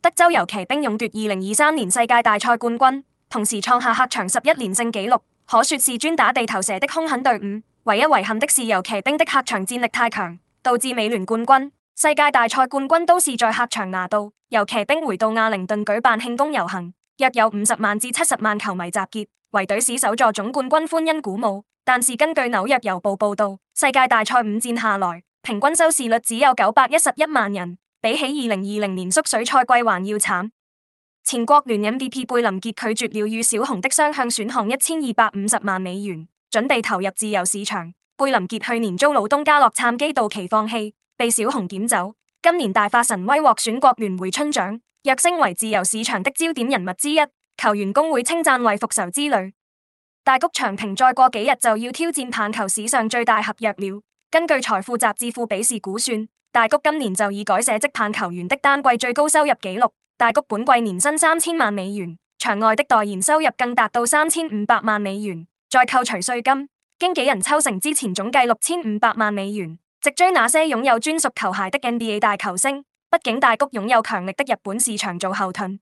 德州遊騎兵勇奪二零二三年世界大賽冠軍，同時創下客場十一連勝紀錄，可說是專打地頭蛇的凶狠隊伍。唯一遺憾的是，遊騎兵的客場戰力太強，導致美聯冠軍、世界大賽冠軍都是在客場拿到。遊騎兵回到亞靈頓舉辦慶功遊行，約有五十萬至七十萬球迷集結，為隊史首座總冠軍歡欣鼓舞。但是根據紐約郵報報道，世界大賽五戰下來，平均收視率只有九百一十一萬人。比起二零二零年縮水賽季還要慘。前國聯 MVP 貝林傑拒絕了與小熊的雙向選項一千二百五十萬美元，準備投入自由市場。貝林傑去年遭老東家洛杉磯道奇放棄，被小熊撿走。今年大發神威獲選國聯回春獎，躍升為自由市場的焦點人物之一。球員工會稱讚為復仇之旅。大谷翔平再過幾日就要挑戰棒球史上最大合約了，根據財富雜誌富比士估算，大谷今年就已改寫職棒球員的單季最高收入紀錄。大谷本季年薪三千萬美元，場外的代言收入更達到三千五百萬美元。在扣除稅金、經紀人抽成之前，總計六千五百萬美元，直追那些擁有專屬球鞋的 NBA 大球星。畢竟大谷擁有強力的日本市場做後盾。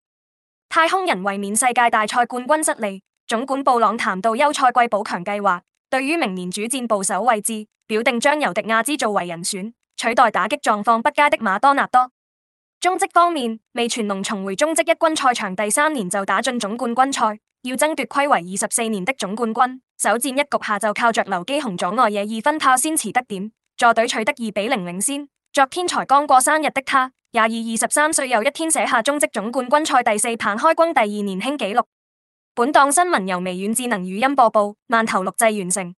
太空人衛冕世界大賽冠軍失利，總管布朗談到休賽季補強計劃，對於明年主戰捕手位置，表定將由迪亞茲作為人選。取代打擊狀況不佳的馬多納多。中職方面，味全龍重回中職一軍賽場第三年就打進總冠軍賽，要爭奪暌違二十四年的總冠軍。首戰一局下就靠着劉基鴻左外野二分炮先馳得點，助隊取得二比零領先。昨天才剛過生日的他，也以二,二十三歲又一天寫下中職總冠軍賽第四棒開轟第二年輕紀錄。本檔新聞由微軟智能語音播報，饅頭錄製完成。